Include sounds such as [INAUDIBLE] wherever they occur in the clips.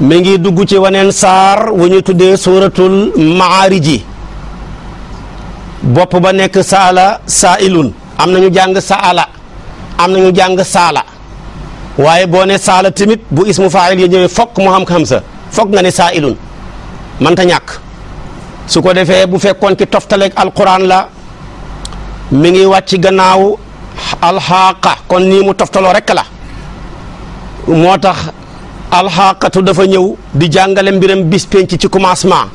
mi ngi dugg ci waneen saar wu ñu tuddee suuratul maariji bopp ba nekk saala saailun am na ñu jàng saala am na ñu jàng saala waaye boo ne saala tamit bu ismu faayil ya ñëwee fokk mu xam xam sa fokk nga ne saailun mënta ñàkk su ko defee bu fekkoon ki toftaleeg alquran la mi ngi wàcc gannaaw alxaaqa kon nii mu toftaloo rekk la moo tax alxaqatu dafa ñëw di jàngale mbiram bis penc ci commencement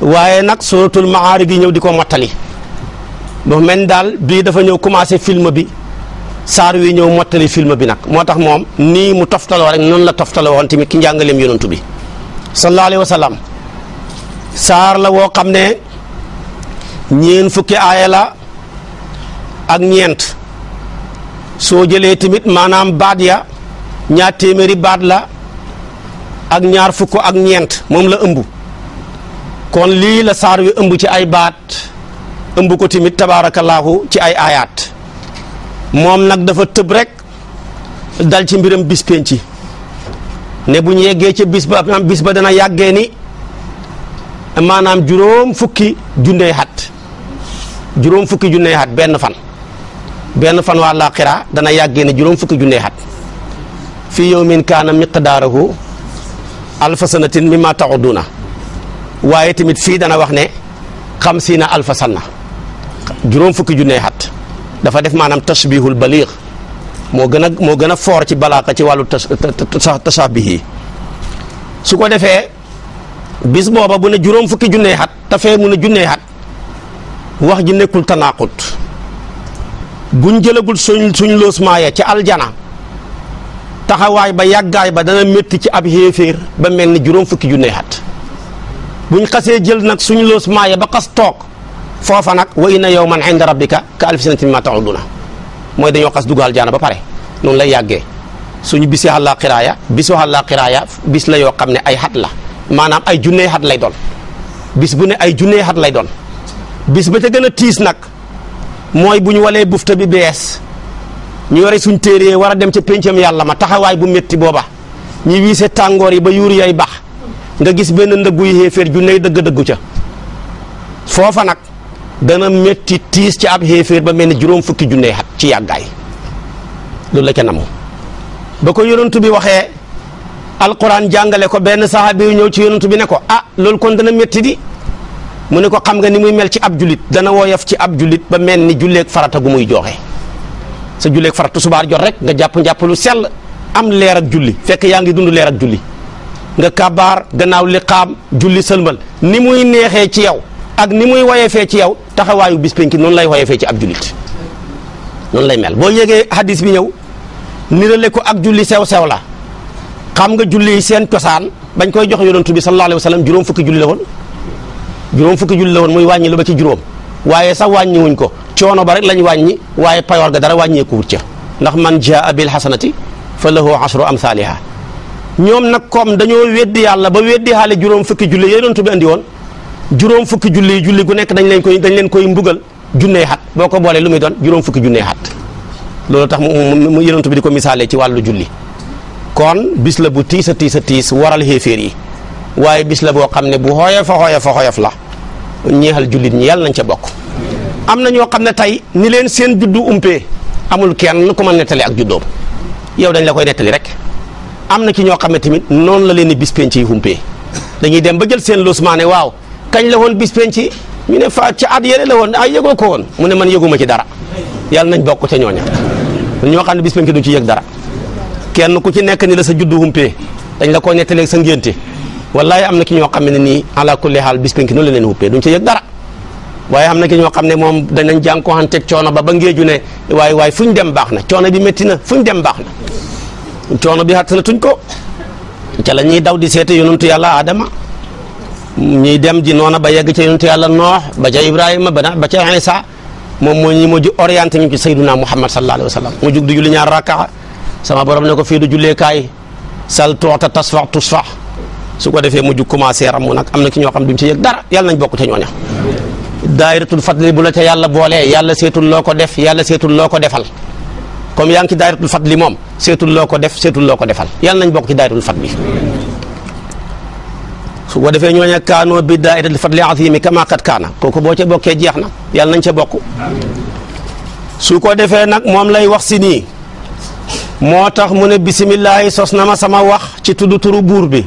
waaye nag suratul maarij gi ñëw di ko mottali ba men daal bii dafa ñëw commencé film bi saar wi ñëw mottali film bi nag moo tax moom nii mu toftaloo rek noonu la toftaloo woon tamit ki njàngaleem yonantu bi sallallahu alayhi wa saar la woo xam ne ñeen fukki aaya la ak ñeent soo jëlee tamit maanaam baat ya ñaar téeméeri baat la ak ñaar fukk ak ñeent moom la ëmb kon lii la saar wi ëmb ci ay baat ëmb ko tamit tabaarakallaahu ci ay aayaat moom nag dafa tëb rek dal ci mbiram bis ci ne bu ñu yeggee ca bis ba am bis ba dana yàggee ni maanaam juróom fukki junney xat juróom fukki junney xat benn fan benn fan waa laaxira dana yàggee ni juróom fukki junney xat fi yawmin kaana miqdaarahu alfa sanatin mimma taxuduna waaye tamit fii dana wax ne xam si na alfa juróom fukki junne xat dafa def maanaam tashbihul baliix moo gën moo gën a foor ci balaaxa ci wàllu tashaabih yi su ko defee bis booba bu ne juróom fukki junne xat te fee mu ne junne xat wax ji nekkul tanaaqut buñ jëlagul suñ suñ loosmaaya ci aljana taxawaay ba yàggaay ba dana métti ci ab xéeféer ba mel ni juróom fukki junne xat buñ xasee jël nag suñu loos maaye ba xas toog foofa nag wa yow yawman inda rabbika ka alfi sanatin mimma ta'uduna mooy dañoo xas dugal jaana ba pare noonu lay yàggee suñu bisi àllaa xiraaya bisu àllaa xiraaya bis la yoo xam ne ay xat la maanaam ay junnee xat lay doon bis bu ne ay junnee xat lay doon bis ba ca gën a tiis nag mooy bu ñu walee bufta bi bees ñu yore suñ téere war a dem ca péncam yàlla ma taxawaay bu métti booba ñu wiise tàngoor yi ba yuur yay bax nga gis benn ndëggu yi xéeféer ju ney dëgg-dëggu ca foofa nag dana métti tiis ci ab xéeféer ba mel ni juróom fukki junne ci yàggaay loolu la ca namu ba ko yonent bi waxee alquran jàngale ko benn saxaabi ñëw ci yonent bi ne ko ah loolu kon dana métti di mu ne ko xam nga ni muy mel ci ab julit dana woyof ci ab julit ba mel ni julleeg farata gu muy joxe sa julleeg faratu subaar jot rek nga jàpp njàpp lu sell am leer ak julli fekk yaa ngi dund leer ak julli nga kabaar gannaaw li xaam julli sëlmal ni muy neexee ci yow ak ni muy woyefee ci yow taxawaayu bis penki noonu lay woyefee ci ab jullit noonu lay mel boo yégee hadis bi ñëw nirale ko ak julli sew sew la xam nga julli seen cosaan bañ koy jox yonent bi sallallahu alayhi wa sallam juróom fukki julli la woon juróom fukki julli la woon muy wàññi lu ci juróom waaye sax wàññi wuñ ko coono ba rek lañ wàññi waaye payoor ga dara wàññeekuwut ca ndax man jaa bil hasanati fa lahu ashru amsaaliha ñoom nag comme dañoo weddi yàlla ba weddi xaale juróom fukki julli yooyu doon tubi andi woon juróom fukki julli julli gu nekk dañ leen koy dañ leen koy mbugal junney xat boo ko boolee lu muy doon juróom fukki junney xat loolu tax mu yonent bi di ko misaalee ci wàllu julli kon bis la bu tiis a tiis a tiis waral xéeféer yi waaye bis la boo xam ne bu xooyof a xooyof a la ñeexal jullit ñi yàlla nañ ca bokk am na ñoo xam ne tey ni leen seen juddu umpee amul kenn ku ma nettali ak juddoom yow dañ la koy nettali rek am na ci ñoo xam ne tamit noonu la leen di bis penc yi umpee dañuy dem ba jël seen losmaa ne waaw kañ la woon bis penc ñu ne fa ci at yële la woon ay ah, yëgoo ko woon mu ne man yëguma ci dara yàlla nañ bokk ca ñooña ñoo xam ne bis penc duñ ci yëg dara kenn ku ci nekk ni la sa juddu umpee dañ la koo nettali ak sa ngénte wallaay am na ki ñoo xam ne nii ala kulli haal bis penki noonu la leen wuppee duñ ci yëg dara waaye am na ki ñoo xam ne moom danañ jànkuwanteeg coono ba ba ngeeju ne waaye waaye fu ñu dem baax na coono bi métti na fu dem baax na coono bi xatt tuñ ko ca la ñuy daw di seete yonentu yàlla Adama ñuy dem ji noona ba yegg ca yonentu yàlla Noox ba ca Ibrahima ba ba ca Isa moom moo ñu mujj orienté ñu ci sayyiduna Muhammad sallallahu alayhi wa sallam mu jug di julli ñaar rakka sama borom ne ko fii du jullee kaay sal toota tasfax tusfax su ko defee mujj commencé ramu nag am na ki ñoo xam duñ ci yëg dara yàlla nañ bokk ca ñooña daayiratul fadli bu la ca yàlla boolee yàlla seetul loo ko def yàlla seetul loo ko defal comme yaa ngi ci daayiratul fadli moom seetul loo ko def seetul loo ko defal yàlla nañ bokk ci daayiratul fadli su ko defee ñooña kaanoo bi daayiratul fadli azimi kama qad kaana kooku boo ca bokkee jeex na yàlla nañ bokk su ko defee nag moom lay wax si nii moo tax mu ne bisimillahi sos na ma sama wax si tudd turu buur bi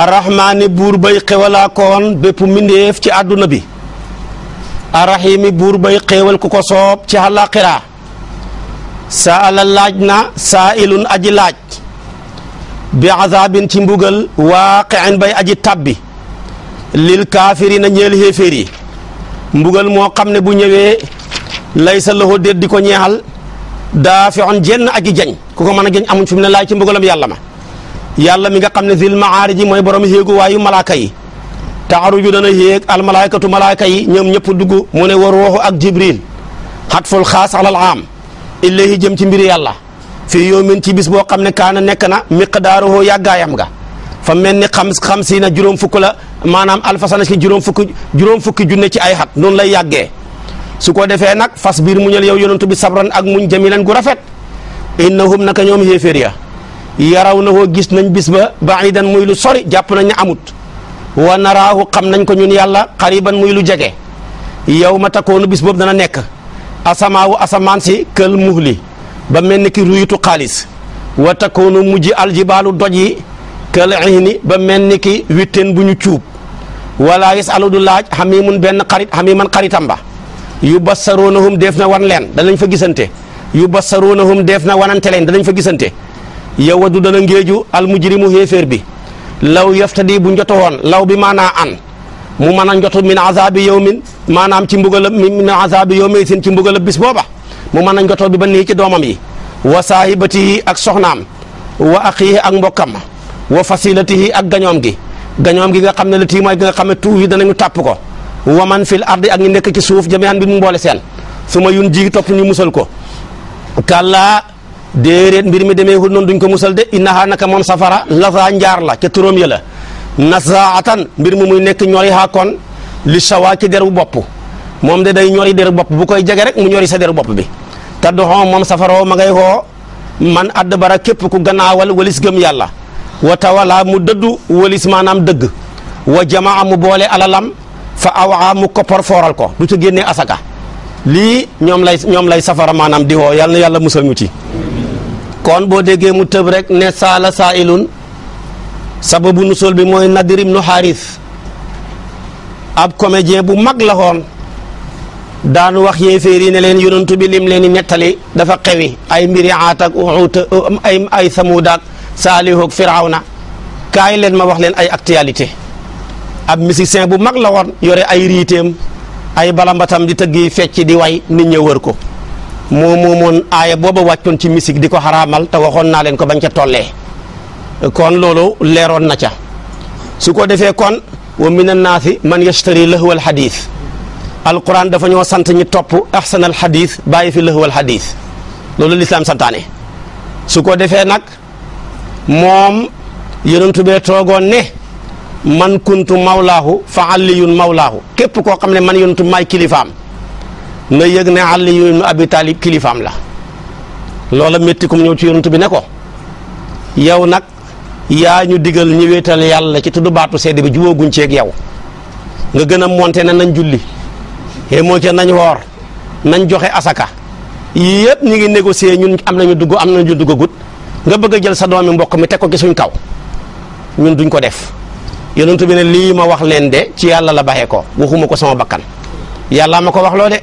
arrahmaani buur bay xewalaa koon bépp mbindéef ci àdduna bi arrahiimi buur bay xéewal ku ko soob ci àllaaxira saala laaj na saailun aji laaj bi azaabin ci mbugal waaqiin bay aji tàbbi lil kaafirina ñeel xéeféer mbugal moo xam ne bu ñëwee lay sa loxo déet di ko ñeexal daa fi on jenn aji jañ ku ko mën a jañ amuñ fi mu ne laaj ci mbugalam yàlla ma yàlla mi nga xam ne zil maari ji mooy borom yéegu waayu malaaka yi taaruju dana yéeg al malaaka yi ñoom ñëpp dugg mu ne wa ruuxu ak jibril xatful xaas alal aam ilayhi jëm ci mbiri yàlla fii yawmin ci bis boo xam ne kaana nekk na miqdaaruhu yàggaayam ga fa mel ni xam xam si na juróom fukk la maanaam alfasana si juróom fukki juróom fukki junne ci ay xat noonu lay yàggee su ko defee nag fas biir muñal yow yonentu bi sabran ak muñ jamilan gu rafet innahum naka ñoom xéeféer ya yaraw na woo gis nañ bis ba baidan muy lu sori jàpp nañ ne amut wa naraahu xam nañ ko ñun yàlla xariban muy lu jege yow ma takoonu bis boobu dana nekk asamaawu asamaan si kël muhli ba mel ni ki ruyutu xaalis wa takoonu mujj aljibaalu doj yi kël ihni ba mel ni ki witteen bu ñu cuub wala yasalu du laaj xamimun benn xarit xamiman xaritam ba yu bassaroonahum def na wan leen danañ fa gisante yu bassaroonahum def na wanante leen danañ fa gisante wa yawaddu dana ngéeju almujrimu xéeféer bi law yaftadi bu njoto woon law bi maanaa an mu mën a njotu min azabi yawmin maanaam ci mbugala min azabi yawmi sin ci mbugala bis booba mu mën a njotoo bi ba nii ci doomam yi wa saahibatihi ak soxnaam wa axiihi ak mbokkam wa fasilatihi ak gañoom gi gañoom gi nga xam ne la tiimooy gi nga xam ne tuuf yi danañu tàpp ko wa man fil ardi ak ñu nekk ci suuf jami'an bi mu mboole seen su ma yun ji topp ñu musal ko kàllaa déeréet mbir mi demee noonu duñ ko musal de innahaa naka moom safara lazaa njaar la ca turam ya la nazaatan mbir mi muy nekk ñori kon li sawaa ci deru bopp moom de day ñori deru bopp bu koy jege rek mu ñori sa deru bopp bi te doxoo moom safaroo ma ngay xoo man add bara képp ku gannaawal walis gam yàlla wa tawala mu dëddu walis maanaam dëgg wa jamaa mu boole alalam fa awaa mu koppar fooral ko du ca génnee asaka lii ñoom lay ñoom lay safara maanaam di yàlla yàlla musal ñu ci kon boo déggee mu tëb rek ne saala saailun sababu sol bi mooy Nadir ibnu Xaaris ab comédien bu mag la woon daan wax yéeféer yi ne leen yonantu bi lim leen di nettali dafa xewi ay mbiri aat ak uxuut ay ay samuud ak saalihu kaay leen ma wax leen ay actualité ab musicien bu mag la woon yore ay riiteem ay balambatam di tëggi fecc di way nit ñi wër ko moo moomoon aaya booba wàccoon ci misik di ko xaraamal ta waxoon naa leen ko bañ ca tollee kon loolu leeroon na ca su ko defee kon wa mina naasi man yashtari lahwal xadiis alquran dafa ñoo sant ñi topp ahsanal alxadiis bàyyi fi lahwal xadiis loolu lislaam santaane su ko defee nag moom yonentu bee toogoon ne man kuntu mawlaahu fa aliyun mawlaahu képp koo xam ne man yonentu may kilifaam na yëg ne Aliyu ibnu Abi Taalib kilifaam la loola métti kum ñëw ci yonent bi ne ko yow nag yaa ñu digal ñu wéetal yàlla ci tuddu baatu seede bi jubóoguñ ceeg yow nga gën a monte ne nañ julli é moo ca nañ woor nañ joxe asaka yii yëpp ñu ngi négocier ñun am na nañu dugg am nañu duggagut nga bëgg a jël sa doomi mbokk mi teg ko ci suñ kaw ñun duñ ko def yonent bi ne lii ma wax leen de ci yàlla la baxee ko waxuma ko sama bakkan yàlla ma ko wax loo de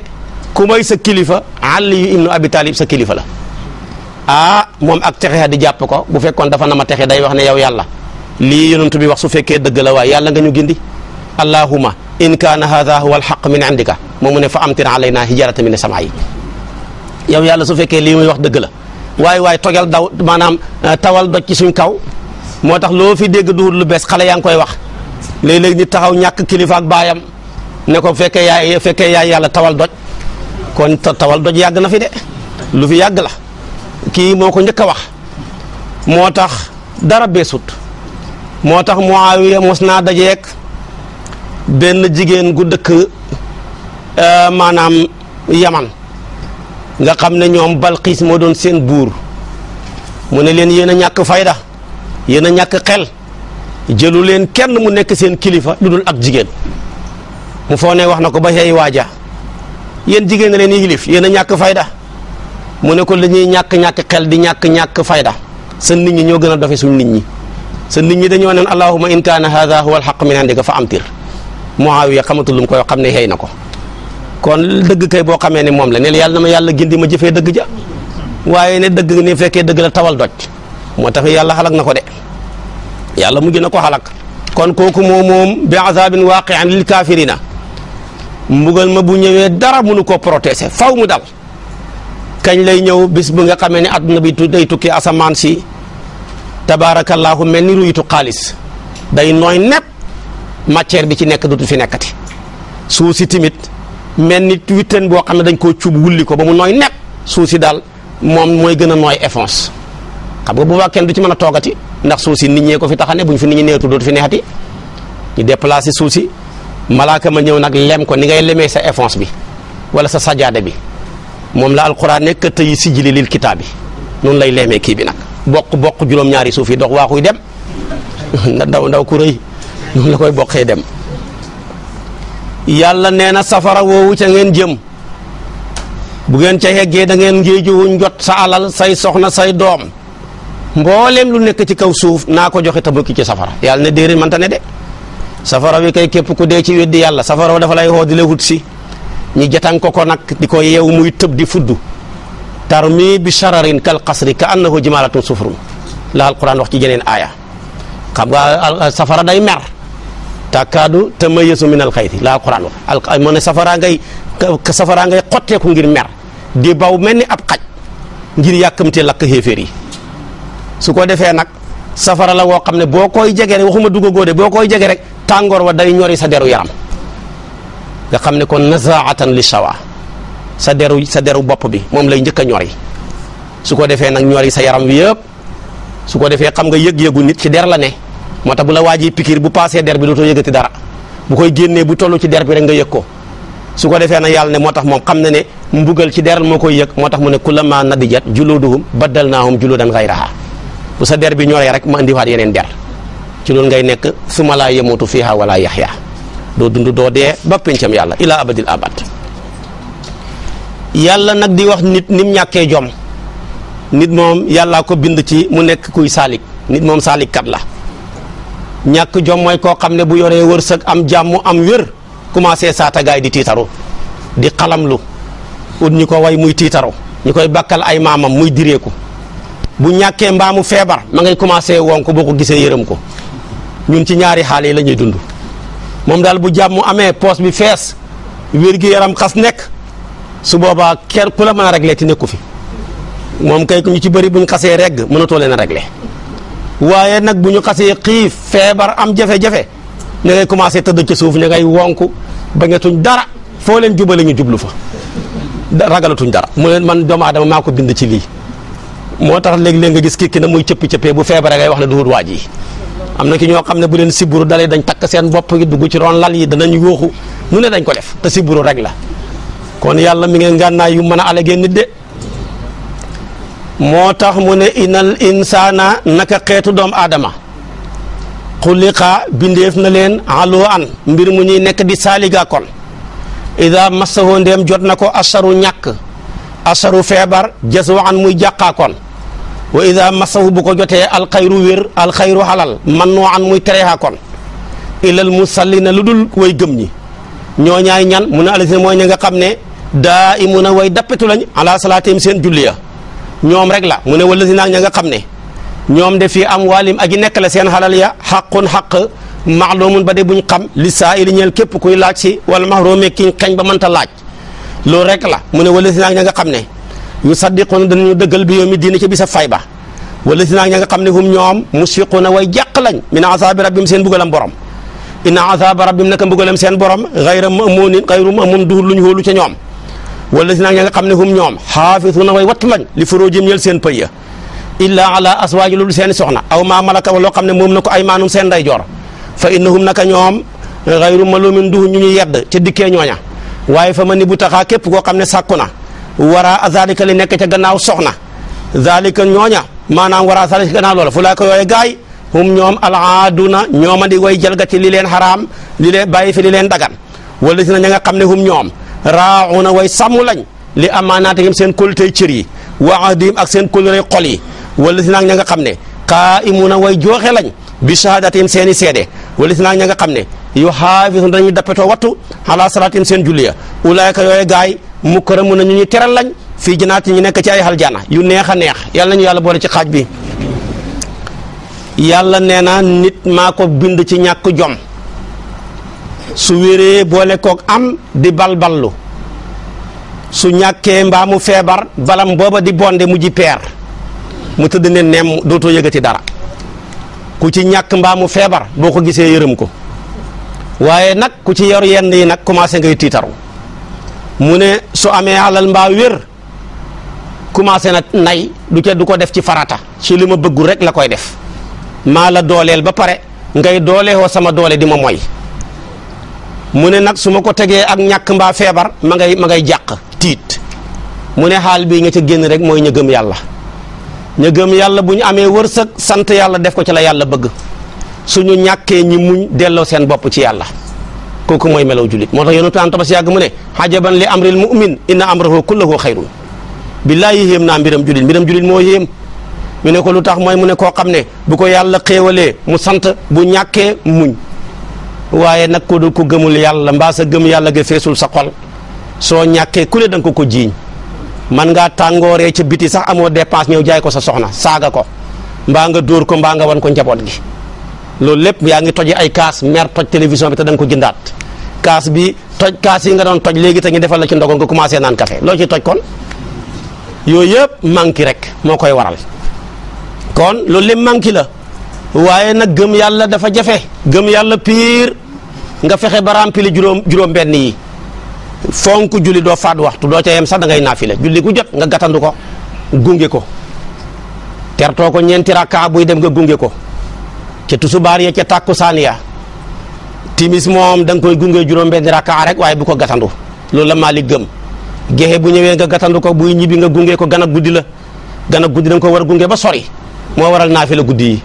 ku may sa kilifa Ali ibnu Abi Talib sa kilifa la ah moom ak texe di jàpp ko bu fekkoon dafa na ma texe day wax ne yow yàlla lii yonent bi wax su fekkee dëgg la waaye yàlla nga ñu gindi allahuma in kaana haada huwa alxaq min indika moom mu ne fa amtir alaynaa hijaratan mina samaa'i yow yàlla su fekkee lii muy wax dëgg la waaye waaye togal daw maanaam ah, tawal doj ci suñ kaw moo tax loo fi dégg duhul lu bees xale yaa ngi koy wax léeg-léeg nit taxaw ñàkk kilifa ak baayam ne ko fekkee yaay fekkee yaay yàlla tawal doj kon tawal doj yàgg na fi de lu fi yàgg la kii moo ko njëkk a wax moo tax dara beesut moo tax Muawiya mos naa dajeek benn jigéen gu dëkk euh, maanaam yaman nga xam ne ñoom Balqiis moo doon seen buur mu ne leen yéen a ñàkk fayda yéen a ñàkk xel jëlu leen kenn mu nekk seen kilifa lu dul ak jigéen mu foo ne wax na ko ba yey waaja yéen jigéen leen yilif yéen a ñàkk fayda mu ne ko li ñuy ñàkk-ñàkk xel di ñàkk-ñàkk fayda seen nit ñi ñoo gën a dofe su nit ñi seen nit ñi dañoo neen allahuma in kaana hada huwa alxaq min ko fa amtir muawiya xamatul lu mu koy xam ne xëy na ko kon dëgg kay boo xamee ne moom la nel yàlla na ma yàlla gindi ma jëfee dëgg ja waaye ne dëgg ne fekkee dëgg la tawal doj moo tax yàlla xalak na ko de yàlla mujj na ko xalak kon kooku moom moom bi azabin waaqian lil kaafirina mbugal ma bu ñëwee dara mënu koo protéger faw mu dal kañ lay ñëw bis bu nga xamee ne àdduna bi day tukki asamaan si tabaarakallaahu mel ni ruyitu xaalis day nooy nepp matière bi ci nekk du fi nekkati suuf si tamit mel ni witten boo xam ne dañ koo cuub wulli ko ba mu nooy nepp suuf si daal moom mooy gën a nooy éponge xam nga bu baax kenn du ci mën a toogati ndax suuf si nit ñee ko fi taxane buñ fi nit ñi neetu dootu fi neex ti ñu déplacé suuf si malaaka ma ñëw nag lem ko ni ngay lemee sa éponse bi wala sa sajaada bi moom la alquran nekk tey si jili lil kitaabi noonu lay leemee kii bi nag bokk bokk juróom-ñaari suuf yi dox waaxuy dem [LAUGHS] na ndaw ndaw ku rëy la koy bokkee dem yàlla nee na safara woowu ca ngeen jëm bu ngeen ca yeggee da ngeen ngéejuwu njot sa alal say soxna say doom mbooleem lu nekk ci kaw suuf naa ko joxe ta bokki ci safara yàlla ne déedéet mënta ne de safara bi kay képp ku dee ci weddi yàlla safara dafa lay woo di la wut si ñu jatan ko ko nag di ko yew muy tëb di fuddu tar tarmi bi shararin kal qasri ka annahu jimalatun sufrun la alquran wax ci jeneen aaya xam nga safara day mer takkaadu tamayasu min alxayti la alquran wax al ne safara ngay safara ngay xotteeku ngir mer di baw mel ni ab xaj ngir yàkkamte lakk xéeféer yi su ko defee nag safara la woo xam ne boo koy jege rek ma dugagoo de boo koy jege rek tàngoor wa day ñori sa deru yaram nga xam ne kon nazaatan li sawa sa deru sa deru bopp bi moom lay njëkk a ñori su ko defee nag ñori sa yaram wi yëpp su ko defee xam nga yëg-yëgu nit ci der la ne moo tax bu la waajee pikiir bu paasee der bi dootoo yëgati dara bu koy génnee bu toll ci der bi rek nga yëg ko su ko defee nag yàlla ne moo tax moom xam na ne mbugal ci der moo koy yëg moo tax mu ne kullama nadijat juluduhum dan kay gayraha bu sa der bi ñoree rek ma indiwaat yeneen der ci loolu ngay nekk suma laa yemootu fiiha wala yaxya doo dund doo dee ba pencam yàlla ila abadil abad yàlla nag di wax nit nim ñàkkee jom nit moom yàlla ko bind ci mu nekk kuy saalik nit moom saalikkat la ñàkk jom mooy koo xam ne bu yoree wërsëg am jàmm am wér commencé saatagaay di tiitaru di xalamlu ut ñu ko way muy tiitaru ñu koy bakkal ay maamam muy direeku bu ñàkkee mbaamu feebar ma ngay commencé won ko boo ko gisee yërëm ko ñun ci ñaari xaal yi lañuy ñuy dund moom daal bu jàmm amee poos bi fees wér-gu-yaram xas nekk su boobaa kenn ku la mën a réglé ti nekku fi moom kay ñu ci bëri bu ñu xasee regg mënatoo leen a réglé waaye nag bu ñu xasee xiif feebar am jafe-jafe commencé tëdd ci suuf ña ngay wonku ba ngetuñ dara foo leen jubale ñu jublu fa ragalatuñ dara mu leen man doomu aadama maa ko bind ci lii moo tax léeg-léeg nga gis kii ki na muy cëpp cëppee bu feebaree ngay wax ne duhut waaj yi am na ki ñoo xam ne bu leen siburu dalee dañ takk seen bopp yi dugg ci ron lal yi danañ yooxu mu ne dañ ko def te siburu rek la kon yàlla mi ngeen ngànnaay yu mën a alagee nit de moo tax mu ne inal insaana naka xeetu doomu aadama xuliqa bindeef na leen aloo an mbir mu ñuy nekk di saaliga kon ida massahoo ndéem jot na ko asaru ñàkk asaru feebar jaswa an muy jàqaa kon wa ida masa bu ko jotee alxayru wér alxayru xalal man noo an muy tereexa kon ilal na lu dul way gëm ñi ñoo ñaay ñan mu ne alazina mooy ña nga xam ne daa imu na way dappetu lañ ala salaatim seen julli ñoom rek la mu ne walazina ña nga xam ne ñoom de fii am waalim aji nekk la seen xalal ya xaqun xaq maalumun ba de buñ xam li saa ili ñeel képp kuy laaj si wala mahroome kiñ xeñ ba mënta laaj loo rek la mu ne walazina ña nga xam ne yu saddiqoona danañu dëggal bi yawmi diine ca bisa fay ba wala si naag ña nga xam ne hum ñoom musfiquuna way jàq lañ min asaabi rabbim seen mbugalam borom inna asaaba rabbim naka mbugalam seen borom xayra mamunin xayru mamun duhul lu ñu hóolu ca ñoom wala si naag ña nga xam ne hum ñoom xaafisuuna way wattu lañ li furuujim ñel seen pëy ya illa ala aswaaji loolu seen soxna aw maa malaka loo xam ne moom na ko ay maanum seen ndeyjoor fa innahum naka ñoom xayru malumin duhul ñu ñu yedd ca dikkee ñooña waaye fa ma ni bu taxaa képp koo xam ne sàkku na wara azalika li nekk ca gannaaw soxna zalika ñooña maanaam wara azalika gannaaw loola fu laa ko yooye gaay hum ñoom alaaduna ñooma di way jalgati li leen xaraam li leen bàyyi fi li leen dagan wala si na ña nga xam ne hum ñoom raauna way sàmm lañ li amaanaatihim seen kóllitey cër yi wa ahdiim ak seen kóllitey xol yi wala si naag ña nga xam ne qaaimuuna way jooxe lañ bi shahadatihim seen i seede wala si naag ña nga xam ne yu xaafisun dañuy dappetoo wattu ala salaatim seen julliya mun na ñu ñu teral lañ fii janaati ñu nekk ci ay aljana yu neex a neex yàlla nañu yàlla boole ci xaaj bi yàlla nee na nit maa ko bind ci ñàkk jom su wéree boole kook am di balballu su ñàkkee mbaa mu feebar balam booba di bonde mu ji peer mu tëdd ne neem dootoo yëgati dara ku ci ñàkk mbaa mu feebar boo ko gisee yërëm ko waaye nag ku ci yor yenn yi nag commencé ngay tiitaru mu ne su amee alal mbaa wér commencé nag nay du ca du ko def ci farata ci li ma bëggul rek la koy def maa la dooleel ba pare ngay dooleewoo sama doole di ma moy mu ne nag su ma ko tegee ak ñàkk mbaa feebar ma ngay ma ngay jàq tiit mu ne xaal bii nga ca génn rek mooy ña gëm yàlla ña gëm yàlla bu ñu amee wërsëg sant yàlla def ko ci la yàlla bëgg suñu ñàkkee ñi muñ delloo seen bopp ci yàlla kooku mooy melaw julit moo tax yonent an tabas yàgg mu ne xajaban li amril mu'min inna amrahu kullahu xayrun billaahi yéem naa mbiram julit mbiram julit moo yéem ñu ne ko lu tax mooy mu ne koo xam ne bu ko yàlla xéewalee mu sant bu ñàkkee muñ waaye nag ko dul ko gëmul yàlla mbaa sa gëm yàlla ga feesul sa xol soo ñàkkee ku dang ko ko jiiñ man ngaa tàngooree ca biti sax amoo dépense ñëw jaay ko sa soxna saaga ko mbaa nga dóor ko mbaa nga wan ko njaboot gi loolu lépp yaa ngi toji ay kaas mer toj télévision bi te da ko jëndaat kaas bi toj kaas yi nga doon toj léegi te ngi defal la ci ndogoon nga commencé naan café loo ciy toj kon yooyu yëpp manqué rek moo koy waral kon loolu lépp manqué la waaye nag gëm yàlla dafa jafe gëm yàlla piir nga fexe ba rempli juróom juróom benn yi fonk julli doo faat waxtu doo ca yem sax da ngay naafile julli ku jot nga gàttandu ko gunge ko tertoo ko ñeenti rakkaa buy dem nga gunge ko ca tusubaar ya ca tàkkusaan ya timis moom dang koy gunge juróom benn rakka rek waaye bu ko gatandu loolu la Maalik gëm gexe bu ñëwee nga gatandu ko buy ñibbi nga gungee ko gan ak guddi la gan ak guddi da nga ko war a gunge ba sori moo waral naafila guddi yi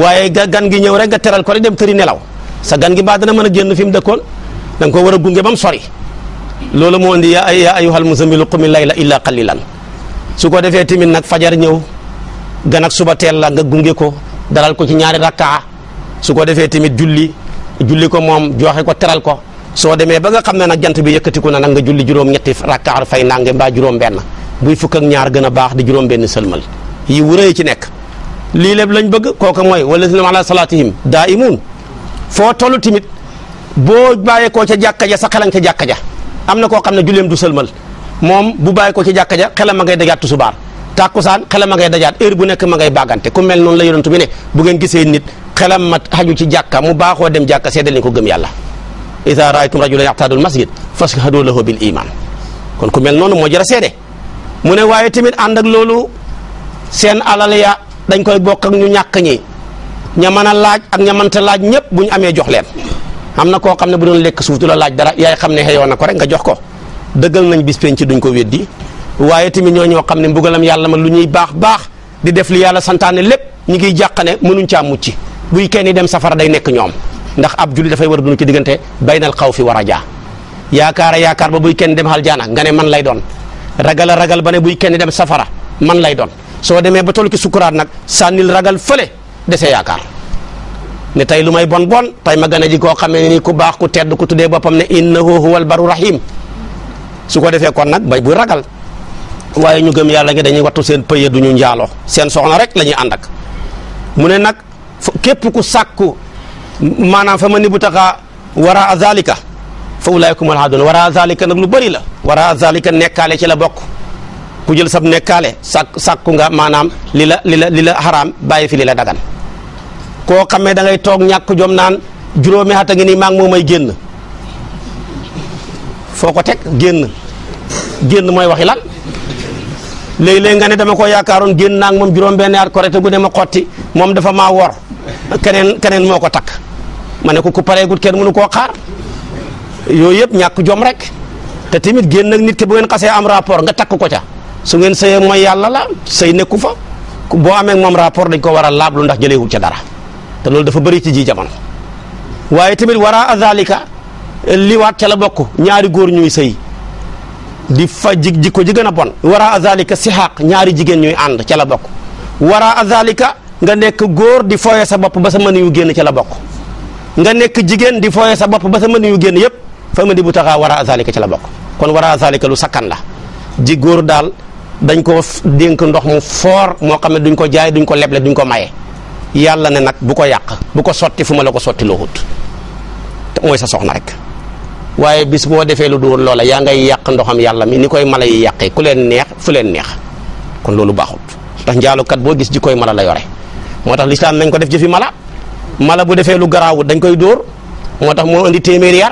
waaye ga gan gi ñëw rek nga teral ko rek dem tëri nelaw sa gan gi baa dana mën a génn fi mu dëkkoon da ko war gunge ba sori loolu moo indi yaa yaa ayyuhal muzammilu qumi layla illa qalilan su ko defee tamit nag fajar ñëw gan suba teel la nga gunge ko daral ko ci ñaari rakkaa su ko defee tamit julli julli ko moom joxe ko teral ko soo demee ba nga xam ne nag jant bi yëkkatiku na nag julli juróom-ñetti rakkaa fay nange mbaa juróom-benn buy fukk ak ñaar gën a baax di juróom-benn sëlmal yi wuree ci nekk lii lépp lañ bëgg kooku mooy wallazina ala salaatihim daa'imuun foo tollu tamit boo bàyyee koo ca jàkka ja sa xelang ca jàkka ja am na koo xam ne julleem du sëlmal moom bu bàyyee koo ca jàkka ja xelam ma ngay dajaat tusubaar tàkkusaan xelam a ngay dajaat heure bu nekk ma ngay bàggante ku mel noonu la yonentu bi ne bu ngeen gisee nit xelam ma xaju ci jàkka mu baaxoo dem jàkka seedal leen ko gëm yàlla ida raaytum rajulan yaxtaadul masjid fashhadu lahu bil iman kon ku mel noonu moo jar mu ne waaye tamit ànd ak loolu seen alal ya dañ koy bokk ak ñu ñàkk ñi ña mën a laaj ak ña mënta laaj ñëpp bu ñu amee jox leen am na koo xam ne bu doon lekk suuf du la laaj dara yaay xam ne xëyoon na ko rek nga jox ko dëggal nañ bis penc duñ ko weddi waaye tamit ñoo ñoo xam ne mbugalam yàlla ma lu ñuy baax baax di def li yàlla santaane lépp ñi ngiy jàqane mënuñ caa mucc buy kenn dem safara day nekk ñoom ndax ab julli dafay war a dund ci diggante baynal xaw fi war a jaa yaakaar a yaakaar ba buy kenn dem aljaana man lay doon ragal a ragal ba ne buy kenn dem safara man lay doon soo demee ba toll ci sukuraat nag sànnil ragal fële dese yaakaar ne tey lu may bon bon tey ma gën ji koo xamee nii ku baax ku tedd ku tuddee boppam ne innahu huwal baru rahim su ko defee kon nag bay bu ragal waaye ñu gëm yàlla nga dañuy wattu seen pëye du ñu njaaloo seen soxna rek la ñuy ànd mu ne nag képp ku sàkku maanaam fa ma ni bu taxaa wara zalika fa ulaayikumul haaduun wara zalika nag lu bari la wara zalika nekkaale ci la bokk ku jël sab nekkaale sàkk sàkku nga maanaam li la li la li la xaraam bàyyi fi li la dagan koo xamee da ngay toog ñàkk jom naan juróomi at a ngi nii maa ngi moo may génn foo ko teg génn génn mooy waxi lan léeg-léeg nga ne dama ko yaakaaroon génn naa ak moom juróom-benn at korite gu ma xotti moom dafa maa wor keneen keneen moo ko takk ma ne ko ku pareegut kenn mënu ko xaar yooyu yëpp ñàkk jom rek te tamit génn ak nit ki bu ngeen xasee am rapport nga takk ko ca su ngeen sëyee mooy yàlla la sëy nekku fa boo amee moom rapport dañ ko war a laablu ndax jëleewul ca dara te loolu dafa bëri ci ji jamono waaye tamit wara azalika liwaat ca la bokk ñaari góor ñu sëy di fa ji jikko ji gën a bon wara azalika si xaq ñaari jigéen ñuy ànd ca la bokk wara azalika nga nekk góor di fooye sa bopp ba sa mën yu génn ca la bokk nga nekk jigéen di fooye sa bopp ba sa mën yu génn yëpp fa ma di bu taxaa wara azalika ca la bokk kon wara azalika lu sakkan la ji góor daal dañ ko dénk ndox mu foor moo xam ne duñ ko jaay duñ ko leble duñ ko maye yàlla ne nag bu ko yàq bu ko sotti fu ma la ko sotti loo mooy sa soxna rek waaye bis boo defee lu duwoon loola yaa ngay yàq ndoxam yàlla mi ni koy mala yi yàqee ku leen neex fu leen neex kon loolu baaxut ndax njaalukat boo gis ji koy mala la yore moo tax lislaam nañ ko def jëfi mala mala bu defee lu garaawut dañ koy dóor moo tax moo indi téeméeri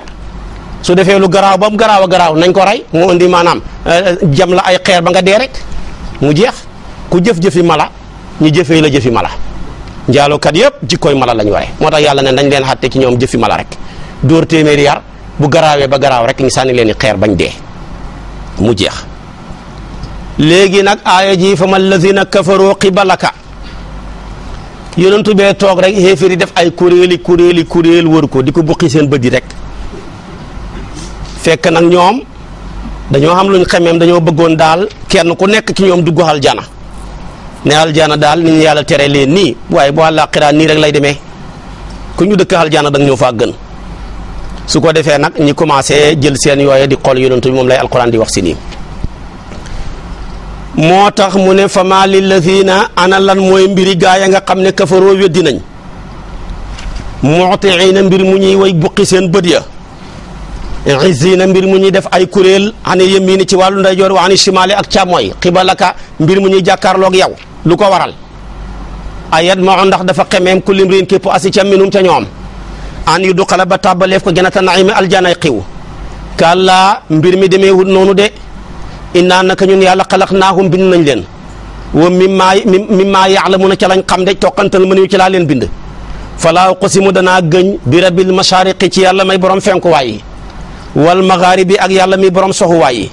su defee lu garaaw ba garaaw a garaaw nañ ko rey moo indi maanaam euh, jam la ay xeer ba nga dee rek mu jeex ku jëf-jëfi mala ñu jëfee la jëfi mala njaalukat yëpp jikkoy mala lañ ware moo tax yàlla ne nañ leen xatte ci ñoom jëfi mala rek dóor téeméeri yar bu garaawee ba garaaw rek ñu sànni leen i xeer bañ dee mu jeex léegi nag aaya ji fa ma lazina kafaru qibalaka yonentu bee toog rek xéeféer yi def ay kuréeli kuréeli kuréel wër ko di ko buqi seen bët yi rek fekk nag ñoom dañoo xam luñ xemeem dañoo bëggoon daal kenn ku nekk ci ñoom dugg aljana ne aljana daal ni ñu yàlla tere leen nii waaye bu àllaaxira nii rek lay demee ku ñu dëkk aljana da nga ñëw faa gën su ko defee nag ñi commencé jël seen yooye di xool yonent bi moom lay alquran di wax si nii moo tax mu ne fama lillazina ana lan mooy mbiri gaay ya nga xam ne kafaroo weddi nañ muutiina mbir mu ñuy way buqi seen bët ya izina mbir mu ñuy def ay kuréel ani yemini ci wàllu ndeyjoor wa ani shimaali ak càmmooy xibalaka mbir mu ñuy jàkkaarloog yow lu ko waral ayat ma ndax dafa xemeem kulli mriin képp assi ca minum ca ñoom an yu du xala ba tàbbaleef ko janata naimi aljanay xiw kàlla mbir mi demeewut noonu de innaa naka ñun yàlla xalaq naahum bind nañ leen wa mimmaa mimmaa ya'lamuuna ca lañ xam de toqantal ma ñu ci laa leen bind falaa uqsimu danaa gëñ bi rabbil ci yàlla may borom fenkuwaay yi wal magharibi ak yàlla mi borom soxuwaay yi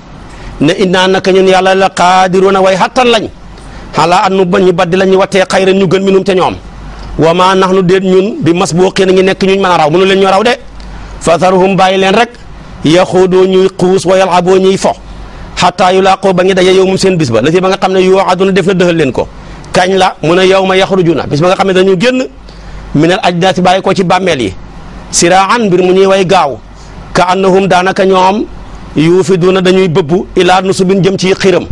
ne innaa naka ñun yàlla la qaadiruuna way xattan lañ xalaa an nu ba ñu baddi ñu watee xayran ñu gën minum te ñoom wa ma nax nu ñun bi mas boo xëy na ñu nekk ñuñ mën a raw mënu leen ñu raw de fatharuhum bàyyi leen rek yaxuudu ñuy xuus wa yalaboo ñuy fo xataa yu laaqoo ba ngi daje yow moom seen bis ba la ci ba nga xam ne yoo aduna def na dëxal leen ko kañ la mun a yow ma yaxrujuna bis ba nga xam ne dañu génn minal ajdaasi bàyyi ko ci bàmmeel yi siraan mbir mu ñuy way gaaw ka annahum daanaka ñoom yuufiduuna dañuy bëbbu ilaa nusubin jëm ci xiram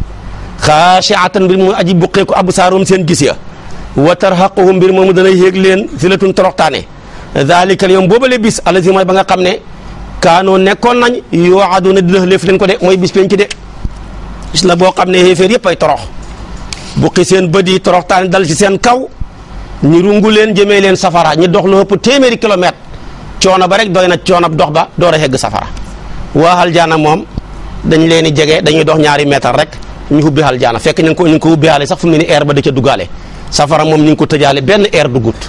xaashiatan mbir mu aji buqeeku absaarum seen gis wa tarhaquhum mbir moomu dana yéeg leen zilatun toroxtaane daalika yoom boobale bis alazi mooy ba nga xam ne kaanoo nekkoon nañ yoo aaduna dina lëf leen ko de mooy bis penc de bis la boo xam ne xéeféer yëpp ay torox buqi seen bët yi toroxtaane dal ci seen kaw ñu rungu leen jëmee leen safara ñi dox lu ëpp téeméeri kilomètre coono ba rek doy na coono dox ba door a hegg safara waa aljaana moom dañ leen di jege dañu dox ñaari mètre rek ñu ubbi aljaana fekk ñu ngi ko ñu ngi ko ubbi aale ba da ca safara moom ñu ngi ko tëjaale benn air duggut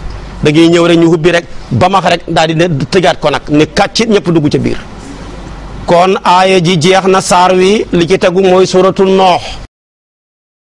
da ngay ñëw rek ñu hubbi rek ba max rek daal di ne tëjaat ko nag ne kàccit ñëpp dugg ca biir kon aaya ji jeex na saar wi li ci tegu mooy suratul noox